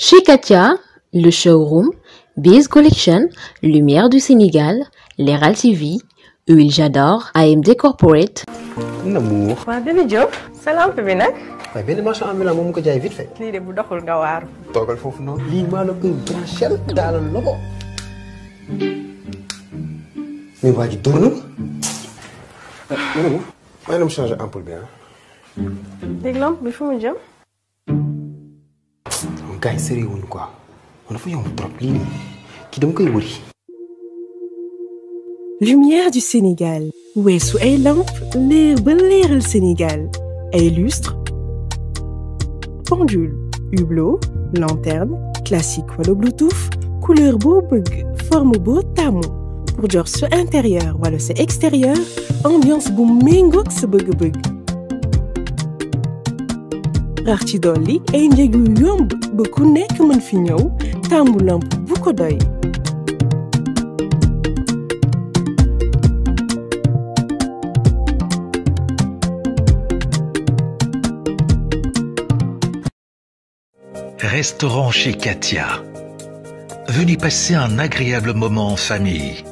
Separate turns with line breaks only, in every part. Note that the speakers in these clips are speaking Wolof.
Chez le showroom, Biz Collection, Lumière du Sénégal, Leral TV, Huile J'adore, AMD Corporate.
Namour.
waaw bébé Diop. sa lampe bi nag. waaye benn marchand ambulant moom ko jaay vite fait. lii de bu doxul nga waaru.
toogal foofu noonu. lii maa la koy branchel daalal la ah. mu changé ampoule bi ah. non gars
yi sérieux wuñu quoi
on dafa yomb trop lii
nii Sénégal weesu ay pendule hublot lanterne classique wala bluetooth couleur boo bëgg forme boo taamu pour jox sa intérieur wala sa ambiance bu méngoog sa bëgg rax ci dolli ay njëg yu yomb ba ku fi ñëw taamu lamp bu ko doy.
Restaurant chez Katia. Venez passer un agréable moment en famille.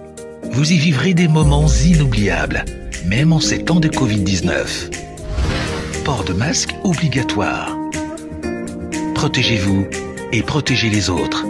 Vous y vivrez des moments inoubliables, même en ces temps de Covid-19. Port de masque obligatoire. protégez-vous et protégez les autres.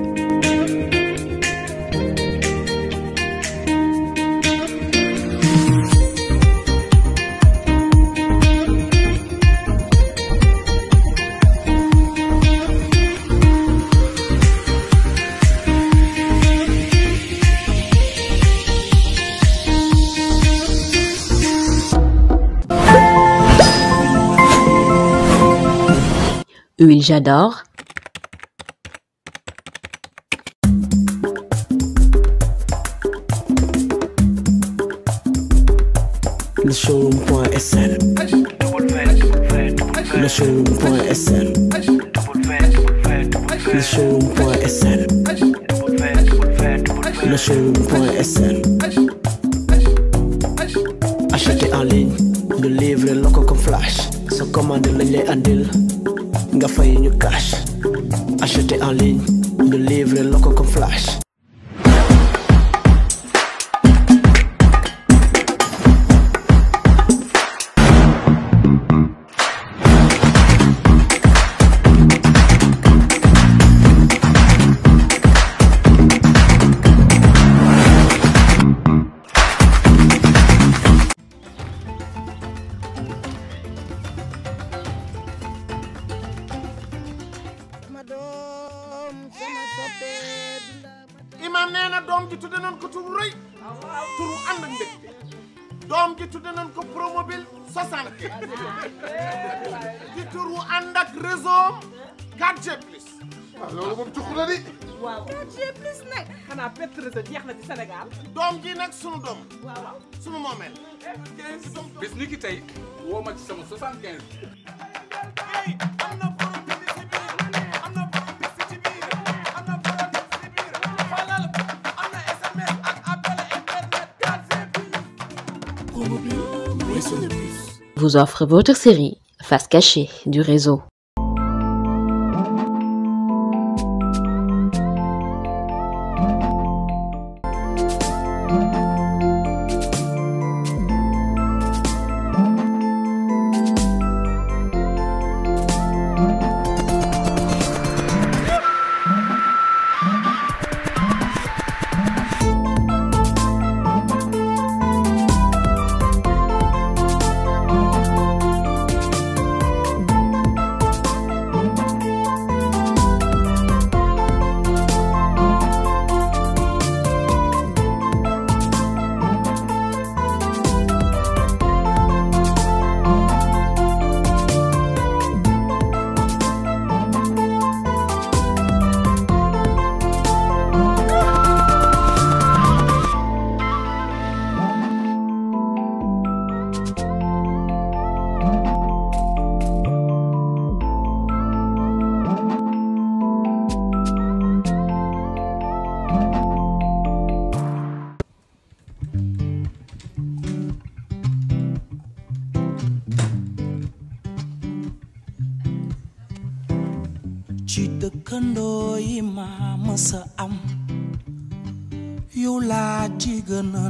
Huile j'adore
le showroom.sn le showroom.sn
le showroom.sn le showroom.sn
acheter en ligne ñu livrer la ko comme flash sa commande lañ lay andil nga fay ñu cash acheter en ligne ñu livrer la ko comme flash
doom ji tudde nan ko turu rëy turu ànd ak mbégte doom ji tudde nan ko promobile 60 ci turu ànd ak réseau 4 di waaw nag xanaa doom ji nag sunu doom sunu moomeel bis ni tey woo ma ci sama
vous offre votre série Face cachée du réseau.
ci dëkkandoo yi ma mësa am yow laa ci gën a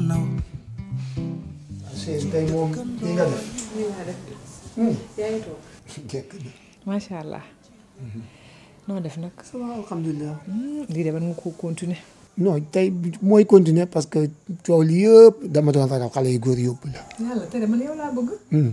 hmm. masha allah mhm.
noo def
nag ça va alhamdulilah hmm, lii de man nga ko continuer
non tey mooy continuer parce que coow li yëpp dama doon ragal xale yu góor yóbbu la
yàlla tere man laa bëgg
hmm.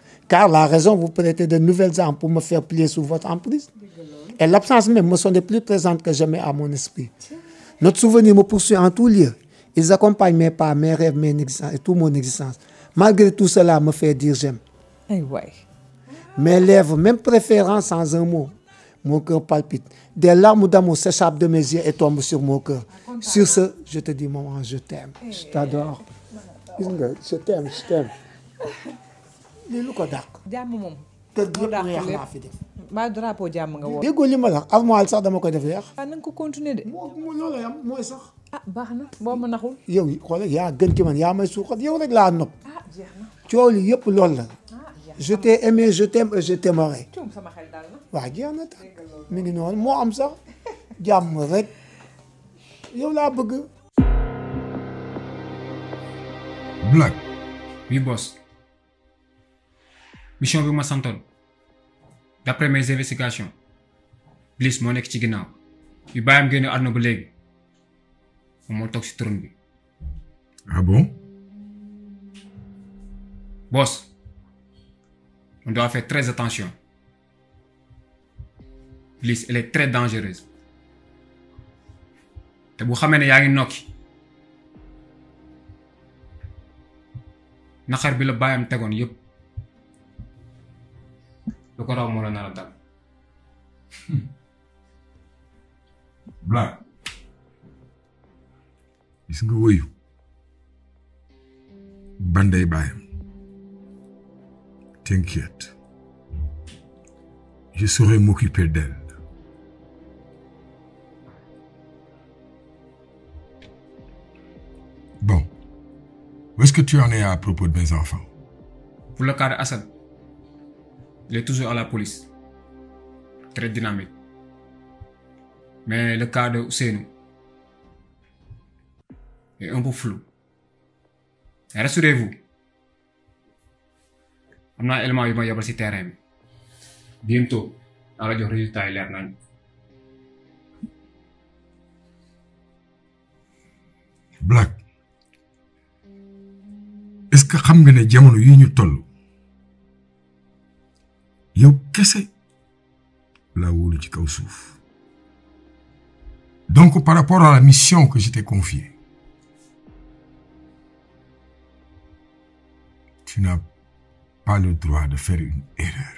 Car la raison vous prêtez de nouvelles armes pour me faire plier sous votre emprise. Et l'absence même me semble plus présente que jamais à mon esprit. Notre souvenir me poursuit en tout lieu. Ils accompagnent mes rêves, mes lèvres, même préférant sans un mot, mon cœur palpite. Des larmes d'amour s'échappent de mes yeux et tombent sur mon cœur. Sur ce, je te dis, maman, je t'aime. Je t'aime, je t'aime. li lu ko dàq. jàmm moom. kër gi yëpp weex laa
maa drapeau jàmm nga woo. déggoo
li ma la armoire sax dama koy def weex.
ah na nga ko continuer de. moo loolu mooy sax. ah baax na boo ma naxul.
yow xoolal yaa gën ci man yaa may suuxat yow rek laa nopp. ah jeex na coow li yëpp loolu la. Ah, je t'ai aimé je t'aime sama
xel
daal
na. jeex na tàkk mi ngi noonu moo am sax jàmm rek yow laa bëgg.
mission bi ma santoon d'après mes investigations Bliss moo nekk ci ginnaaw bi bàyyam génne àdduna ba léegi moom moo toog si bi. ah bon. boss on doit faire très attention Bliss elle est très te bu xamee ne yaa ngi nokki naxar bi la bàyyam tegoon yépp lu ko raw moo la nar a dal. Black gis nga wëyu banday
baayam t'inquiète je saurai m'occuper d'elle bon où est-ce que tu en es de
mes enfants Il toujours la police. Très dynamique. Mais le cas de Ousseinou est un peu flou. am naa élément yu ma yebal ci terrain bi bientôt naa la jox résultat yi leer nañ
Black est-ce
que xam nga ne jamono yi ñu toll yow kese
laa ci kaw suuf
donc par rapport à la mission que je t'ai confiée tu n'as pas le droit de faire une erreur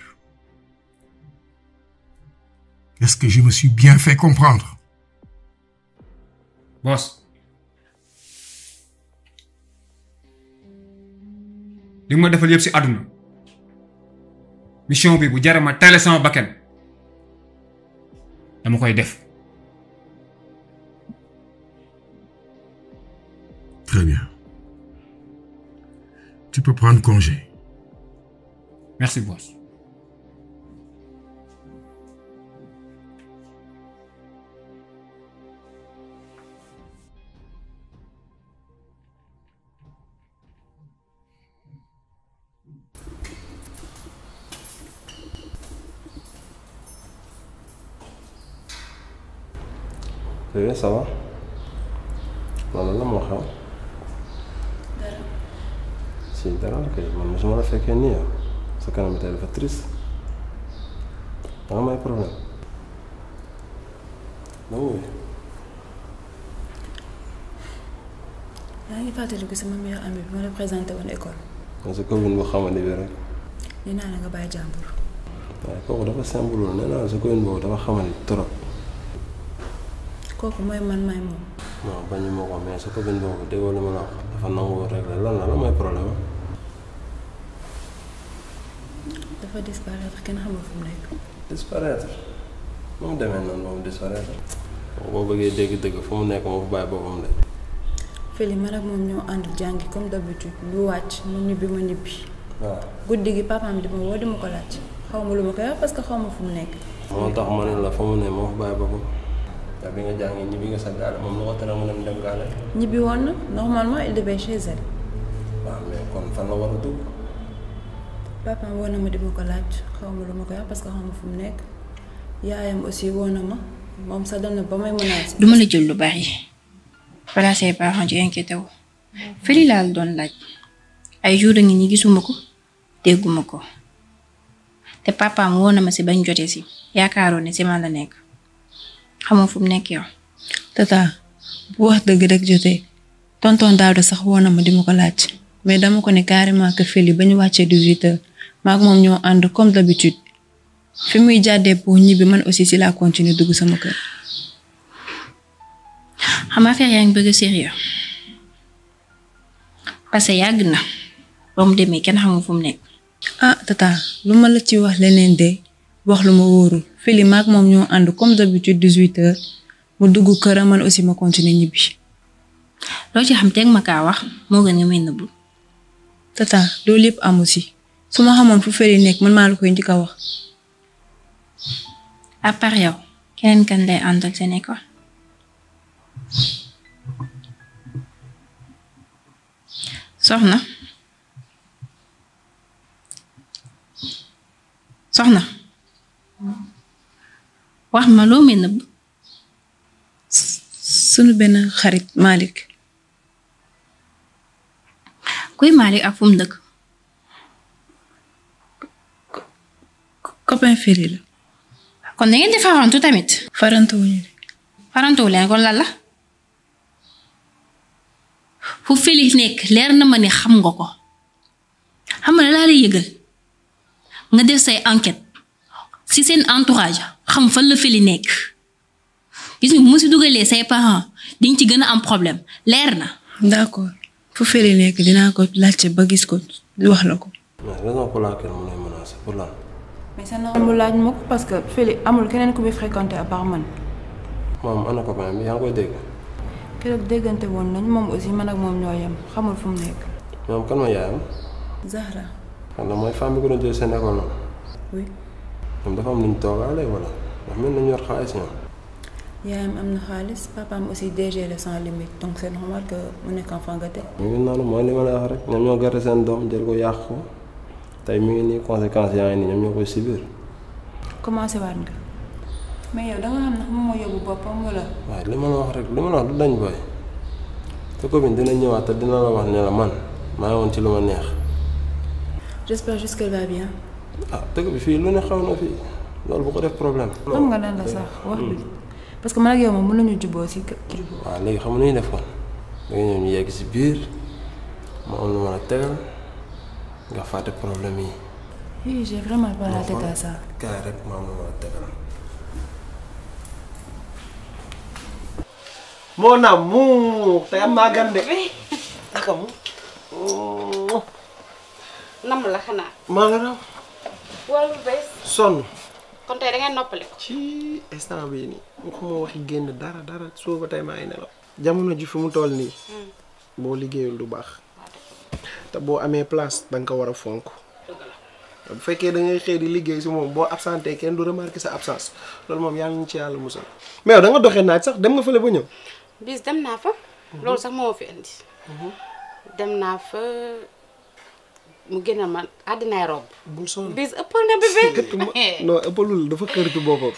est-ce que je me suis bien fait comprendre
boss defal yëpp ci àdduna mission bi bu jare ma tele sama bakken dama koy def.
très bien tu peux prendre congé.
bébé ça va loolu la moo xew. dara. si dara kay man mosuma la fekkee nii ah sa kanam bi tey dafa triste da may problème. na
yaa ngi fàttaliku sama meilleur ami bi ma la présenté woon école.
nga sa commune boo xamante bi rek.
nee naa la nga bàyyi jàmbur.
waaye kooku dafa simple nee naa la sa commune boobu dafa xamante trop.
kooku mooy man may moom.
non bañu ma ko mais su ko bañ ma ko déggoo li ma la wax dafa nangu rek lan la lan mooy problème.
dafa disparaître kenn xamul fu mu nekk.
disparaître nu mu demee noonu moom disparaître. boo bëggee dégg-dëgg fu mu nekk moo fa bàyyi boppam de.
Félix man ak moom ñoo ànd jàngi comme d'habitude du wàcc mu ñibbi ma ñibbi. waaw guddi gi papaam di ma woo di ma ko laaj xaw ma lu ma koy wax parce que xaw ma fu mu nekk.
moo tax ma ne la fa mu ne moo fa bàyyi boppam. ndax bi ñibbi nga sa gaana moom lu ko tere mu dem gaana
ñibbi woon a dugg. papa woo na ko laaj xaw lu ma koy que xaw fu mu nekk yaayam aussi woo na ma moom sax dana ba
lu bari balaa say parents ci inquiété wu ngi ñi gisuma ko dégguma ko te papam woo na ma si bañ jotee si yaakaaroon ne si ma la nekk. xamoo fu mu nekk yow.
tata bu wax dëgg rek jotee tonton Daouda sax woo na ma di ma ko laaj mais dama ko ne carrément que Félix ba ñu wàccee di h maak moom ñoo ànd comme d'habitude fi muy jàddee pour ñibbi man aussi ci laa continuer dugg sama kër.
xam affaire yaa ngi bëgg a sérieux parce que yàgg na ba mu demee kenn xamul fu mu nekk.
ah tata lu ma la ci wax leneen de. wax lu ma wóorul fili maag moom ñoo ànd comme d'habitude 18 heures mu dugg këram man aussi ma continuer ñibbi. loo ci xam teg ma kaa wax moo gën nga may nëbbu. tata loolu yëpp amu si su ma xamoon fu feli nekk man maa la koy njëkk wax. à part yow keneen kan lay àndal seen école.
soxna soxna. wax ma loo may nëbb
sunu benn xarit Malick kuy Malick ak fu dëkk copain Ferry la
kon da ngeen di farantu tamit farantowuñu de kon lan la fu Félix nekk leer na ma ne xam nga ko xam nga laa lay nga def say enquête si seen entourage xam fan la feli nekk gis nga bu mu si dugalee say parents diñ ci gën a am problème leer na. d'accord fu feli nekk dinaa ko
laajte ba gis
ko
wax la ko.
mais sa naaw mu laaj ma parce que amul keneen ku muy man.
moom ana copain bi yaa
déggante woon nañ moom aussi man ak moom ñoo yem xamul fu mu nekk.
moom kan ma yaayam. Zahra. xanaa mooy femme bi ko doon jël seen école
noonu.
ñoom dafa am lu ñu toogaale wala ndax mel nañu yor xaalis ñoom.
yaayam am na xaalis papaam aussi DG la sans limite donc c'est normal que mu nekk enfant gâté.
mu ngi noonu mooy li ma wax rek ñoom ñoo gàtte seen doom jël ko yàqu ko tey mi ngi nii conséquences yaa ngi nii ñoom ñoo koy subir.
commencé waat nga. mais yow da xam ne moom moo yóbbu boppam wala.
waaw li ma wax rek li ma wax du dañ booy sa commune dina ñëwaat te dina la wax ne la man maa ci lu ma neex. ah dëgg bi fii lu ne xew na fii loolu bu ko def problème. xam nga lan la sax wax bi hmm.
parce que man moom mën nañu juboo si kër.
waaw ah, léegi def kon da nga si biir ma am lu mën a tegal nga fàtte problème
yi. la tête à ça.
carrément moo
naam mu tey am naa gan de. naka mu. nam la xanaa.
wala lu bees. sonn. kon tey da ngeen noppale ci
instant bii nii waxuma waxi génn dara dara soo ba tey ma ay nelaw. jamono ji fi mu toll nii. Hmm. boo liggéeyul du baax. Ah, te boo amee place da ko war a fonk. bu fekkee da ngay xëy di liggéey si moom boo absenté kenn du remarqué sa absence loolu moom yàlla nañu ci yàlla musal. mais yow da doxee naaj sax dem nga fële ba ñëw.
bis dem naa fa. Mhm. loolu sax moo fi indi. Mhm. dem naa fa mu génne ma àddinaay robb. bul sonn bis ëppal na bébé. non ëppalul dafa xër ci boppam.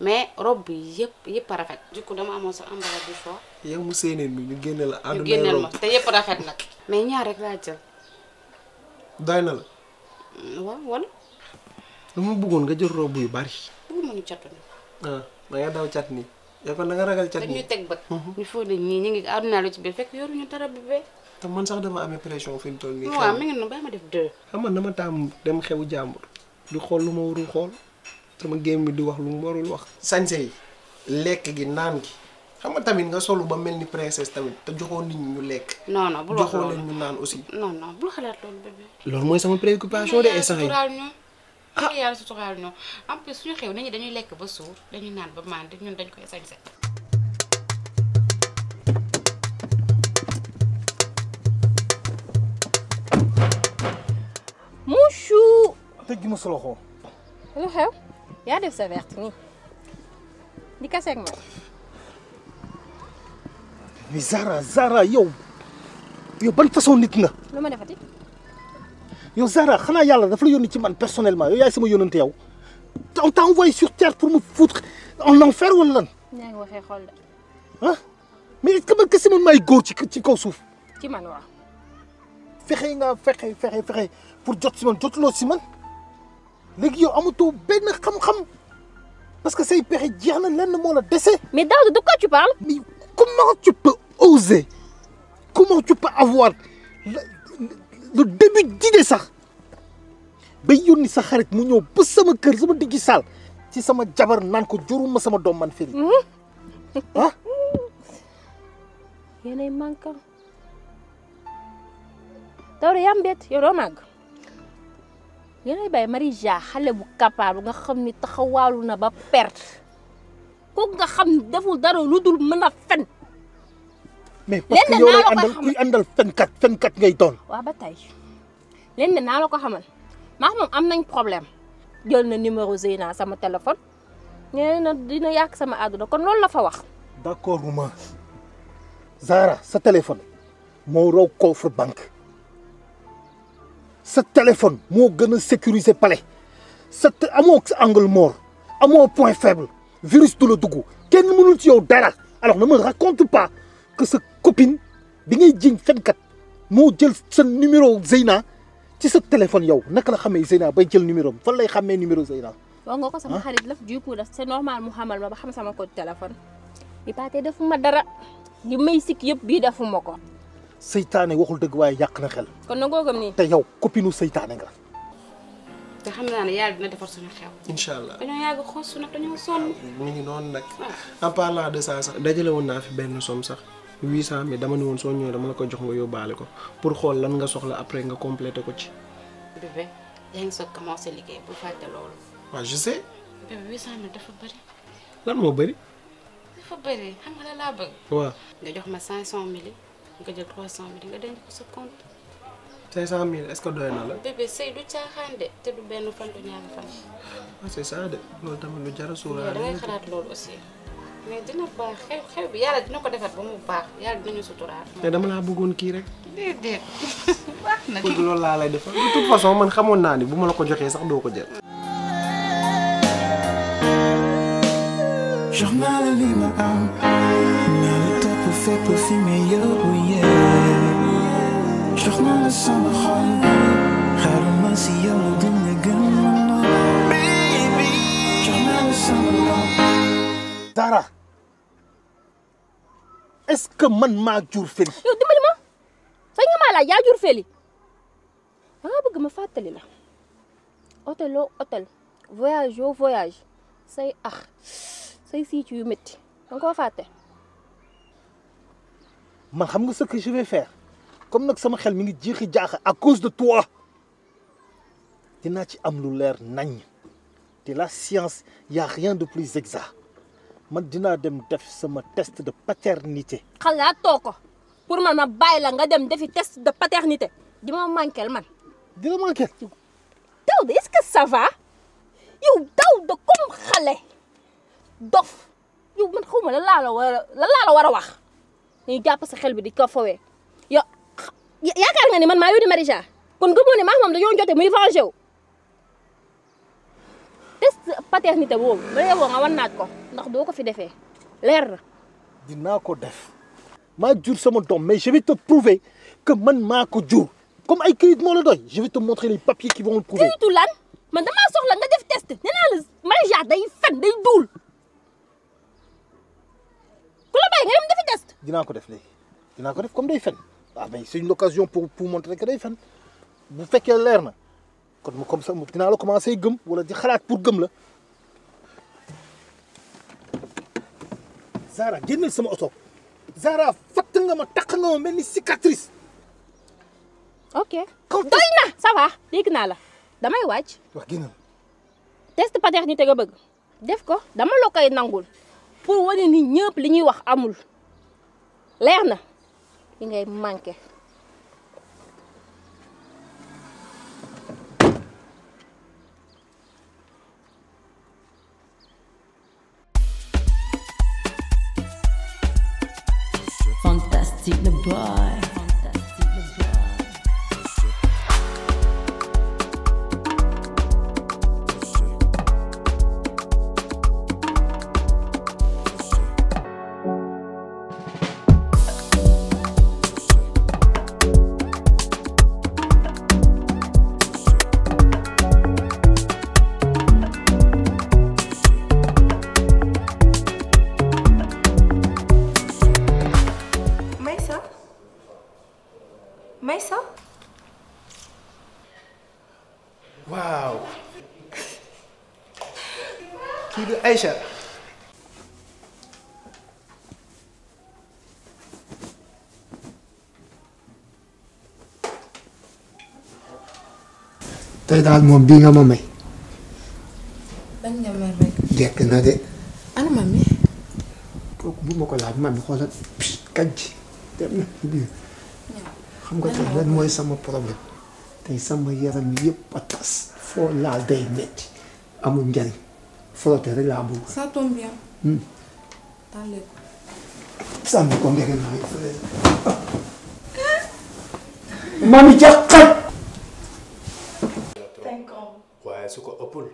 mais rob bi yëpp yëpp rafet. du coup dama amoon sax embarras du choix.
yow mu séeneen bi ñu génne la. àddinaay robb ñu génneel ma te
yëpp rafet nag. mais ñaar rek laa jël. doy na la. Mm, waaw wala.
dama bëggoon yu bari.
bëgguma ñu catu nii.
ah da nga daw cat nii. yow kon da ragal cat nii dañuy teg
bët. Mhm. ñu ngi àdduna lu ci biir fekk yoruñu dara bébé.
te man sax dama amee pression fi mu toll nii. waaw mi ngi noonu bàyyi ma def deux. xam nga dama taamu dem xewu jàmbur. di xool lu ma warul xool sama géem mi di wax lu mu warul wax. sañse yi lekk gi naan gi xam nga tamit nga solu ba mel ni princesse tamit te joxoon nit ñu lekk.
non non bul wax loolu joxoon leen naan aussi. non non bul xalaat loolu
loolu mooy sama préoccupation de instant yi.
ah yàlla suturaal ñoo en plus suñu xew ñi dañuy lekk ba suur dañuy naan ba màndi ñun dañ koy sañse
tëj gi ma sa loxo. lu xew yaa
def sa verte nii di kase ak man.
mais Zara Zara yow yow ban façon nit nga. lu ma defati. yow Zara xanaa yàlla dafa la yónni ci man personnellement yow yaay sama yónnante yow te on t'a envoyé sur terre pour me foutre en enfer wala lan.
yaa ngi waxee xol de.
ah mais est-ce ci ci kaw suuf. ci man waaw. fexe nga fexe fexe fexe pour jot si man jotuloo si léegi yow amatoo benn xam-xam parce que say pexe jeex na lenn moo la dese. mais Daouda de quoi tu parles. mais comment tu peux avoir le le début d'idée sax ba yónni sa xarit mu ñëw ba sama kër sama diggi saal ci sama jabar naan ko ma sama doom man firi mm-hmm. ah.
yéenay manquant Daouda yaa mbett yow doo yéen ay bàyyi Marija xale bu capable nga xam ni taxawaalu na ba perte kooku nga xam ni deful dara lu dul mën a fen.
mais parce que yow
ba tey lenn naa la ko xamal maa moom am nañ problème jël na numéro Zeyna sama téléphone nee na dina yàq sama àdduna kon loolu la fa wax.
d' accord ma Zara sa téléphone moo raw coffre sa téléphone moo gën a sécuriser palais sa amoo angle mort amoo point faible virus du la dugg kenn mënul ci yow dara alors ne me raconte pa que sa copine bi ngay jiñ fenkat moo jël sa numéro Zeyna ci sa téléphone yow naka la xamee Zeyna bay jël numéro fan lay xamee numéro Zeyna.
wax nga ko sama ah? xarit la du coup c'est normal mu xamal ma ba xam sama code téléphone. bi paatee defuma dara li may sikk yëpp bii defuma ko.
seytaane waxul dëgg waaye yàq na xel.
kon nangoo gëm nii. te yow
copinu seytaane nga.
te xam naa ne yàlla dina defar suñu xew.
incha
allah
dañoo yàgg xoos su nag sonn.
mu ngi noonu nag. en parlant de ça sax dajale woon naa fi benn somme sax. huit cent mille dama ne woon soo ñëwee dama ne ko jox nga yóbbaale ko pour xool lan nga soxla après nga complété ko ci.
bébé yaa ngi soog commencé liggéey bu fàtte loolu. waaw je huit cent mille dafa bëri. lan moo bëri. dafa bëri xam nga la bëgg. waaw nga jox ma cinq cent mille. nga jël 300 bi nga denc ko
est-ce que doy na la.
bébé sëy du caaxaan de te du benn fan du ñaari fan.
waaw ah, c'est de loolu tamit lu jar a suuraale. da ngay xalaat
loolu aussi mais dina baax ko defar ba mu baax yàlla dinañu suturaat.
mais dama laa bëggoon kii rek.
déedéet baax na. loolu
laa lay defal de toute façon man xamoon naa ni bu ma la ko joxee sax doo ko jël.
شغلنا لسه محل غير المسيا وضمن جنة بيبي شغلنا لسه محل زهرة est-ce man maa jur Feli. yow dimbali ma
sañ nga maa laaj yaa jur ma fàttali la hôtel oo hôtel voyage oo voyage say ax ah, say siicu yu métti da nga koo fàtte.
man xam nga ce que je vais comme nag sama xel mi ngi jiixi jaaxa à cause de toi dinaa ci am lu leer nañ di la science y a rien de plus exact man dinaa dem def sama test de paternité.
xalaatoo ko pour man ma bàyyi la nga dem defi test de paternité di ma manquel man. di la manquel. Daouda est-ce que ça va yow Daouda comme xale dof yow man xaw ma la war a war a wax dañuy jàpp sa xel bi di ko fowee. yaakaar nga ni man maa yónni Maricha kon gëmoo ne maa moom dañoo jote muy vengé wu test paternité boobu ba yeboo nga wan ko ndax doo ko fi defee
leer na. dinaa ko def maa jur sama doom mais je vais te prouver que man maa ko jur comme ay kayit moo la doy je vais te montrer les papiers qui vont le prouver. këyitu
lan man damaa soxla nga def test nee naa la Maricha day
fen day duul ku la bàyyi nga dem test.
dinaa ko def léegi dinaa ko def comme day fen. ah mais c'est une occasion pour pour montrer que day fen bu fekkee leer na kon mu comme ça dinaa la commencé gëm wala di xalaat pour gëm la. Zara génnal sama oto Zara fatt nga ma takk nga ma mel ni cicatrice. ok doy
na ça va naa la damay wàcc. wax génnal. test paternité nga bëgg. def ko dama la koy nangul pour wane ni ñëpp li ñuy wax amul leer na. yi ngay manqué
waaw kii du Aïcha
tey daal moom bii nga ma may.
bañ nga
mer
na de. ana mami. kooku bu ma ko laaj mami xoolal kàjj dem na ci biir. xam nga tey lan mooy sama problème. tey sama yaram yëpp a tas foo laal day metti amul njariñ frotter hmm. mami jaxat.
waaye su ko ëppul.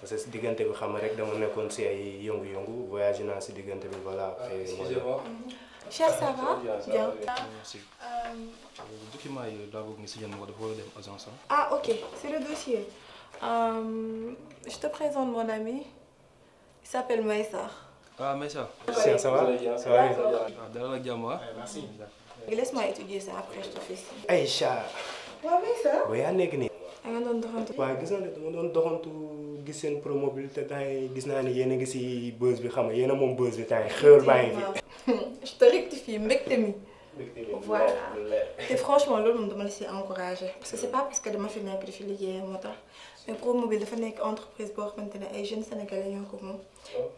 parce que diggante bi xam
rek dama nekkoon si ay yëngu-yëngu voyage diggante bi voilà.
Ah,
document yooyu ma ko dafa war a dem agence am.
ah ok c'est le dossier euh, je te présente mon ami il s'appelle Maïssa.
ah ah. merci.
laisse-moi étudier ça après je te fais signe.
Aïcha. yaa nekk nii.
nga doon doxantu.
waaw gis naa ne dama doon doxantu gis seen promobile te temps gis naa ne yéen a ngi si buzz bi xam nga moom buzz bi temps yi baa ngi
fi. je te rectifie mbégte mi. voilà te franchement loolu moom dama la si encouragé parce que c'est pas parce que dama fi nekk di fi liggéey moo tax mais ProMobile dafa nekk entreprise boo xamante ne ay jeunes sénégalais ñoo ko moom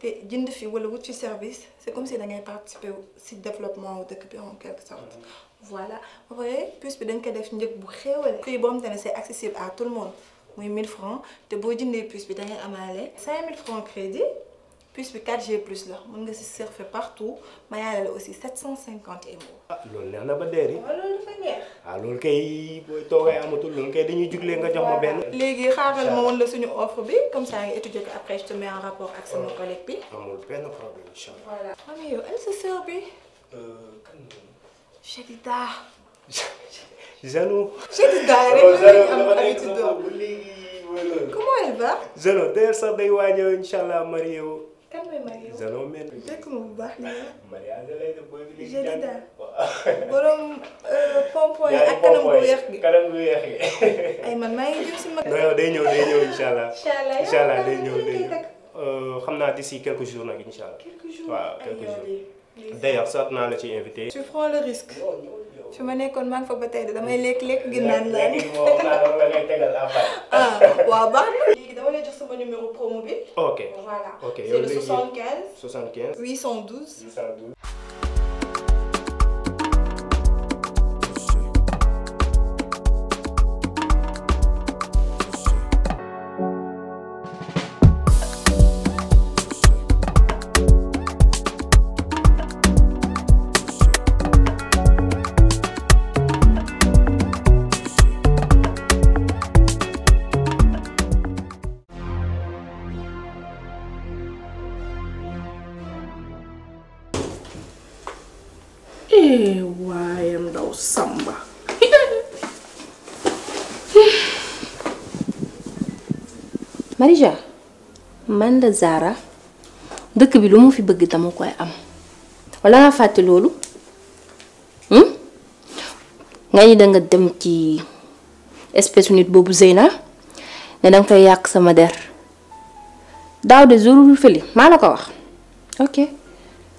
te jënd fi wala wut ci service c'est comme si da ngay participer si développement wu dëkk bi en quelque sorte mm-hmm. voilà ba puce bi dañ ko def njëg bu xéewale prix boo xamante ne c'est accessible à tout le monde muy 1000 francs te boo jëndee puce bi da ngay amaale 5000 puce bi 4G plus la mën nga si surfer partout ma yaale la aussi 750 MO.
ah loolu neex na ba deeri. waaw
loolu dafa neex.
Ah, kay booy amatul loolu kay dañuy juglee nga jox ma benn. léegi xaaral ma woon
la suñu offre bi comme ça après je te mets rapport ak sama ah, collègue bi.
amul benn problème incha
allah. sa sœur bi. Euh, kan nga. Chadida. Janou. Chadida
rek sax day waaj a allah marié kan mooy Mario. Zalo mel. dëkk
ma bu baax nii. Maria
lay def booy
bi. Jolida bu weex gi kanam bu weex gi.
ay man maa ngi jëm si mag. non day ñëw day ñëw
incha allah. incha euh, xam naa d'ici quelques jours nag incha allah. quelques jours waaw
quelques
naa la ci invité. tu
prends le risque. fi ma nekkoon maa fa ba tey de damay lekk-lekk gi naan naan ah waaw baax na. léegi dama lay jox sama numéro promo bi. ok
ok voilà c'est le 75. 75
812.
Marija man la Zara dëkk bi lu mu fi bëgg dama koy am wala nga fàtte loolu hmm? nga danga dem ci espèce nit boobu Zeyna ne danga koy yàq sama der daaw de jorul fële maa la ko wax ok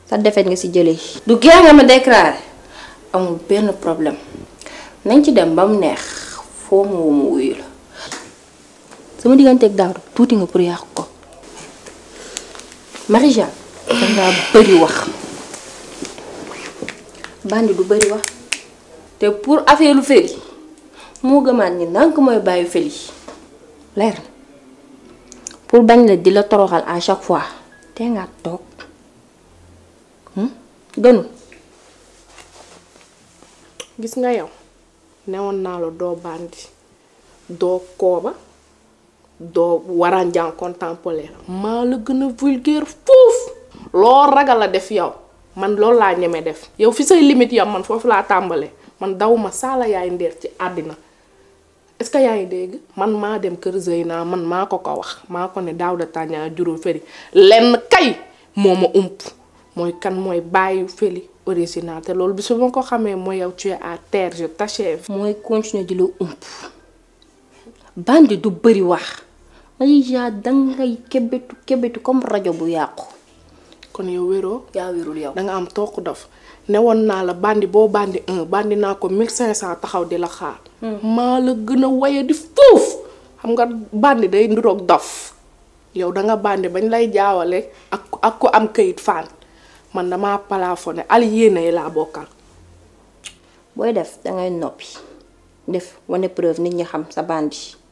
sa defet nga si jëlee du ger nga ma déclaré amul benn problème nañ ci dem ba mu neex foo mu wuyu la sama digganteeg Daouda tuuti nga pour yàqu ko Marie-Jeanne dangaa bëri wax bandi du bëri wax te pour affaire lu Feli moo gëmaat ni nank mooy bàyyi Feli leer na pour bañ la di la toroxal à chaque
fois te nga toog hmm? gënu gis nga yow newoon naa la doo bandi doo kooba doo war a njàng contemporain maa la gën a vulgaire fuuf loo ragal a def yow man loolu laa ñeme def yow fi say limite yow man foofu laa tàmbale man daw ma saala yaay ndeer ci àddina est-ce que yaa ngi dégg man maa dem kër Zeyna man maa ko ko wax maa ko ne daaw da tàññaa juróom fëri lenn kay moo ma ump mooy kan mooy bàyyi fëli original te loolu bi su ma ko xamee mooy yow ci es à terre je t'achève mooy continuer di la ump bandi du bëri wax
ay yaa dangay kébetu kébetu comme
rajo bu yàqu kon yow wéroo yaa wérul yow da am toq dof ne woon naa la bandi boo bandi naa ko 1500 taxaw di la hmm. gën a waye xam nga bandi day nduroog dof yow danga nga bandi bañ lay jaawale ak ak ku am kayit faan man damaa plafonné al yéene laa bokkal booy def dangay noppi def wane preuve nit ñi xam
sa bandi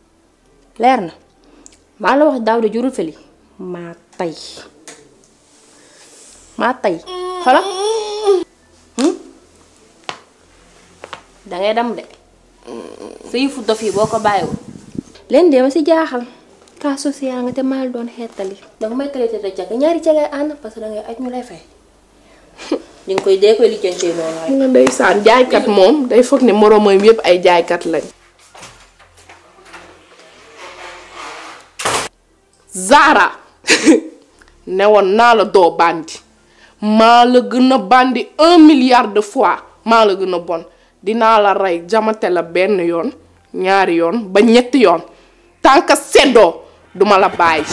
leer na maa la wax daaw de jurul fëli maa tay maa tay xola hmm? dangay dem de
sa yëfu dof boo ko bàyyiwul
leen de ma si jaaxal cas social nga te maa doon xetali danga may traité de jag ñaari jagay ànd parce que dangay aj ñu lay fay
ñu ngi koy dee koy lijjantee noonu rek. ndeysaan jaaykat moom day foog ne moroomam yëpp ay jaaykat lañ. Zara newoon naa la doo bandi maa la gën a un milliard de fois maa la gëna bon dinaa la rey jamate la benn yoon ñaari yoon ba ñetti yoon tant que seddoo duma la bàyyi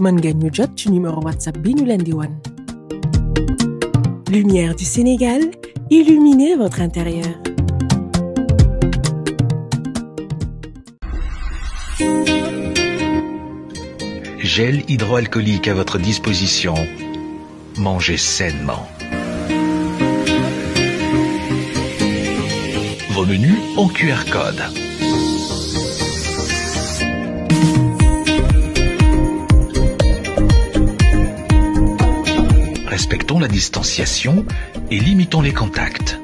mën ngeen ñu jot ci numéro ñu leen di wan lumière du Sénégal illuminez votre intérieur
gel hydroalcoolique à votre disposition mangez sainement respectons la distanciation et limitons les contacts.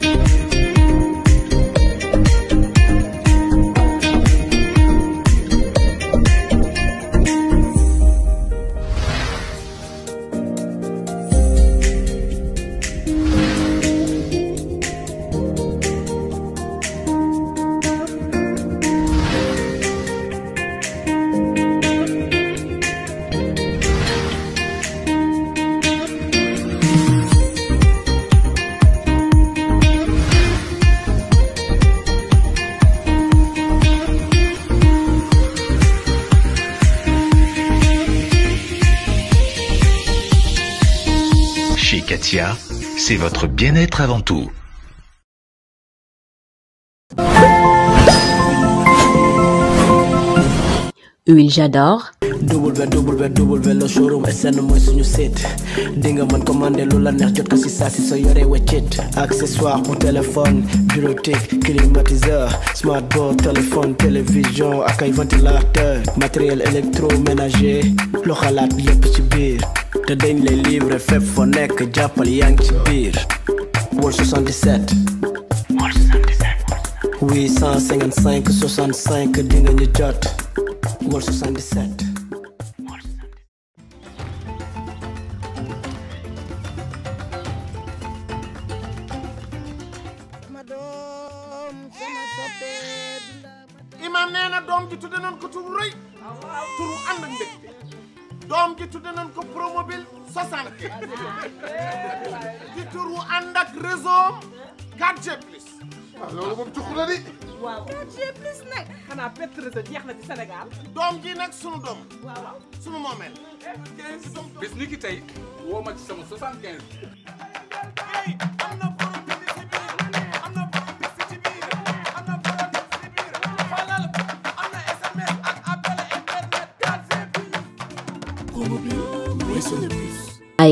Laetitia, c'est votre bien-être avant tout.
Huile j'adore
double V double V double mooy suñu seet di nga mën commandé lu la neex jot ko si saa si soo yoree weccit accessoire pour téléphone bureautique climatiseur smartboard téléphone télévision ak ay ventilateur matériel électroménager loo xalaat yépp ci biir te dañ lay livrer fépp foo nekk jàppal yaa ngi ci biir wol 77 855 65 jot wol
doom ji tudde nañ ko promobile 60 ci tur wu ànd ak réseau 4G plus. waaw ah, loolu moom tuxu na di. waaw 4G doom ji nag sunu doom. waaw sunu moomeel. bis ni tey woo ma ci sama 75.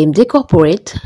AMD Corporate